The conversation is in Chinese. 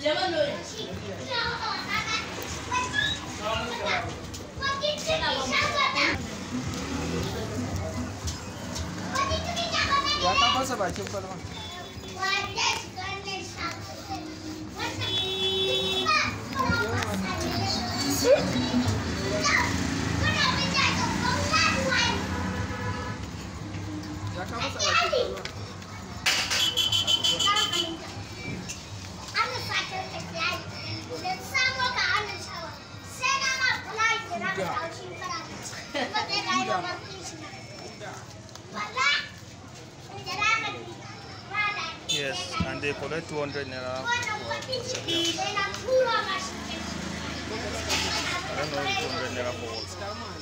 两个人。我今天想我的。我今天想我的。我打不着，把衣服脱了。我今天想我的。Yes, and they collect 200 nera. I don't know 200 nera for what.